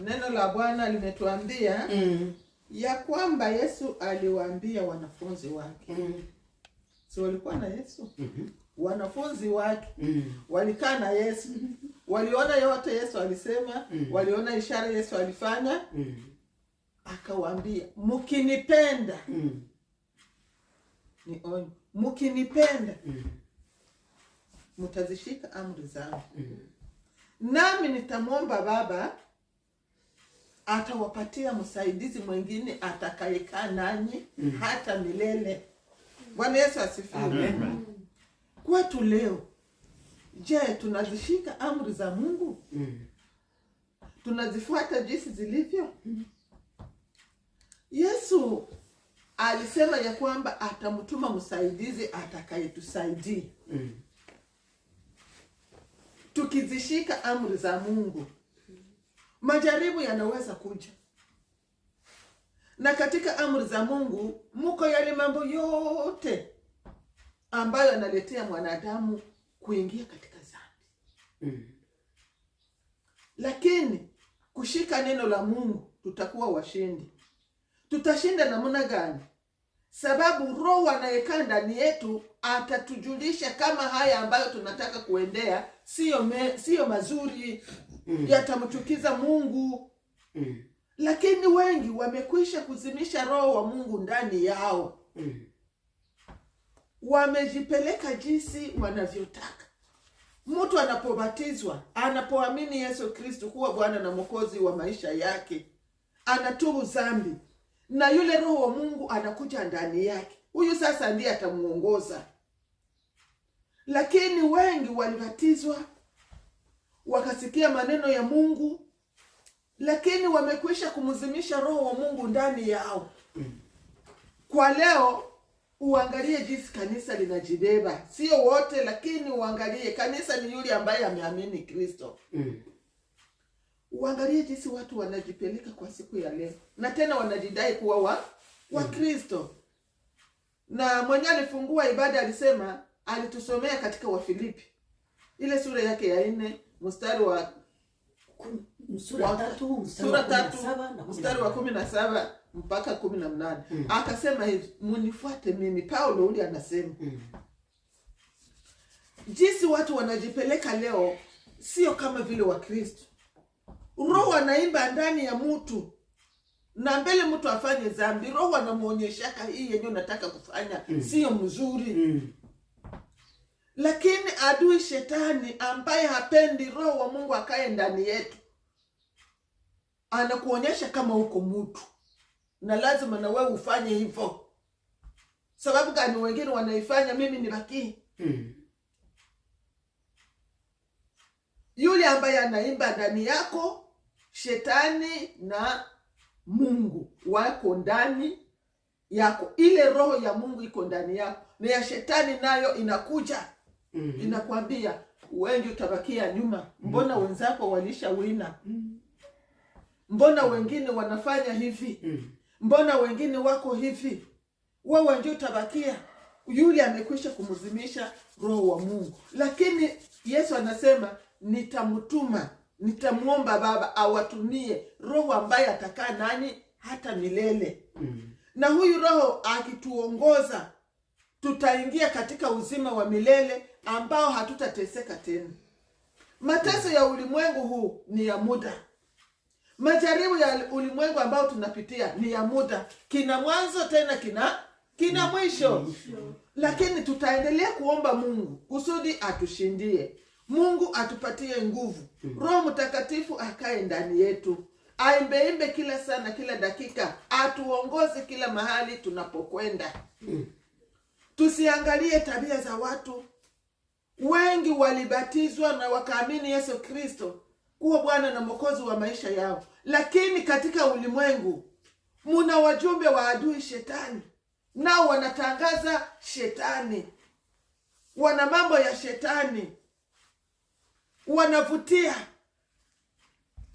Neno la Bwana limetuambia mm. ya kwamba Yesu aliwaambia wanafunzi wake mm. si walikuwa na Yesu mm -hmm. wanafunzi wake mm. walikaa na Yesu mm-hmm. waliona yote Yesu alisema mm. waliona ishara Yesu alifanya mm. akawaambia, mkinipenda mm. ni onyo, mkinipenda mm. mtazishika amri zangu mm. nami nitamwomba Baba atawapatia msaidizi mwingine atakayekaa nanyi mm. hata milele. Bwana Yesu asifiwe. Kwetu leo, je, tunazishika amri za Mungu? mm. tunazifuata jinsi zilivyo? mm. Yesu alisema ya kwamba atamtuma msaidizi atakayetusaidia. mm. Tukizishika amri za Mungu Majaribu yanaweza kuja, na katika amri za Mungu muko yale mambo yote ambayo analetea mwanadamu kuingia katika dhambi mm. Lakini kushika neno la Mungu tutakuwa washindi. Tutashinda namna gani? sababu Roho anayekaa ndani yetu atatujulisha kama haya ambayo tunataka kuendea siyo me, siyo mazuri mm. yatamchukiza Mungu mm. Lakini wengi wamekwisha kuzimisha Roho wa Mungu ndani yao mm. Wamejipeleka jinsi wanavyotaka. Mtu anapobatizwa, anapoamini Yesu Kristu kuwa Bwana na Mwokozi wa maisha yake, anatubu zambi na yule Roho wa Mungu anakuja ndani yake. Huyu sasa ndiye atamuongoza. Lakini wengi walibatizwa wakasikia maneno ya Mungu, lakini wamekwisha kumzimisha Roho wa Mungu ndani yao. Kwa leo uangalie jinsi kanisa linajibeba, sio wote, lakini uangalie kanisa ni yule ambaye ameamini Kristo. Mm uangalie jinsi watu wanajipeleka kwa siku ya leo, na tena wanajidai kuwa wa Wakristo mm. kristo na mwenye alifungua ibada alisema, alitusomea katika Wafilipi ile sura yake ya nne mstari wa sura tatu mstari wa kumi na saba mpaka kumi na mnane mm. akasema hivi, munifuate mimi. Paulo uli anasema mm. jinsi watu wanajipeleka leo sio kama vile Wakristo Roho anaimba ndani ya mtu na mbele mtu afanye zambi, Roho anamwonyeshaka hii yenye unataka kufanya mm. sio mzuri mm. Lakini adui shetani ambaye hapendi roho wa Mungu akae ndani yetu anakuonyesha kama uko mtu, na lazima na wewe ufanye hivyo. Sababu gani wengine wanaifanya, mimi baki mm. Yule ambaye anaimba ndani yako shetani na Mungu wako ndani yako, ile roho ya Mungu iko ndani yako na ya shetani nayo inakuja mm -hmm. Inakwambia wengi utabakia nyuma, mbona mm -hmm. wenzako walishawina mm -hmm. mbona wengine wanafanya hivi mm -hmm. mbona wengine wako hivi, wewe ndio utabakia yule amekwisha kumzimisha roho wa Mungu, lakini Yesu anasema nitamtuma nitamwomba Baba awatumie roho ambaye atakaa nani hata milele mm. na huyu roho akituongoza tutaingia katika uzima wa milele ambao hatutateseka tena. Mateso ya ulimwengu huu ni ya muda. Majaribu ya ulimwengu ambao tunapitia ni ya muda, kina mwanzo tena kina kina mwisho, lakini tutaendelea kuomba Mungu kusudi atushindie. Mungu atupatie nguvu mm. Roho Mtakatifu akae ndani yetu, aimbeimbe kila sana, kila dakika, atuongoze kila mahali tunapokwenda mm. Tusiangalie tabia za watu. Wengi walibatizwa na wakaamini Yesu Kristo kuwa Bwana na Mwokozi wa maisha yao, lakini katika ulimwengu muna wajumbe wa adui Shetani, nao wanatangaza Shetani, wana mambo ya Shetani wanavutia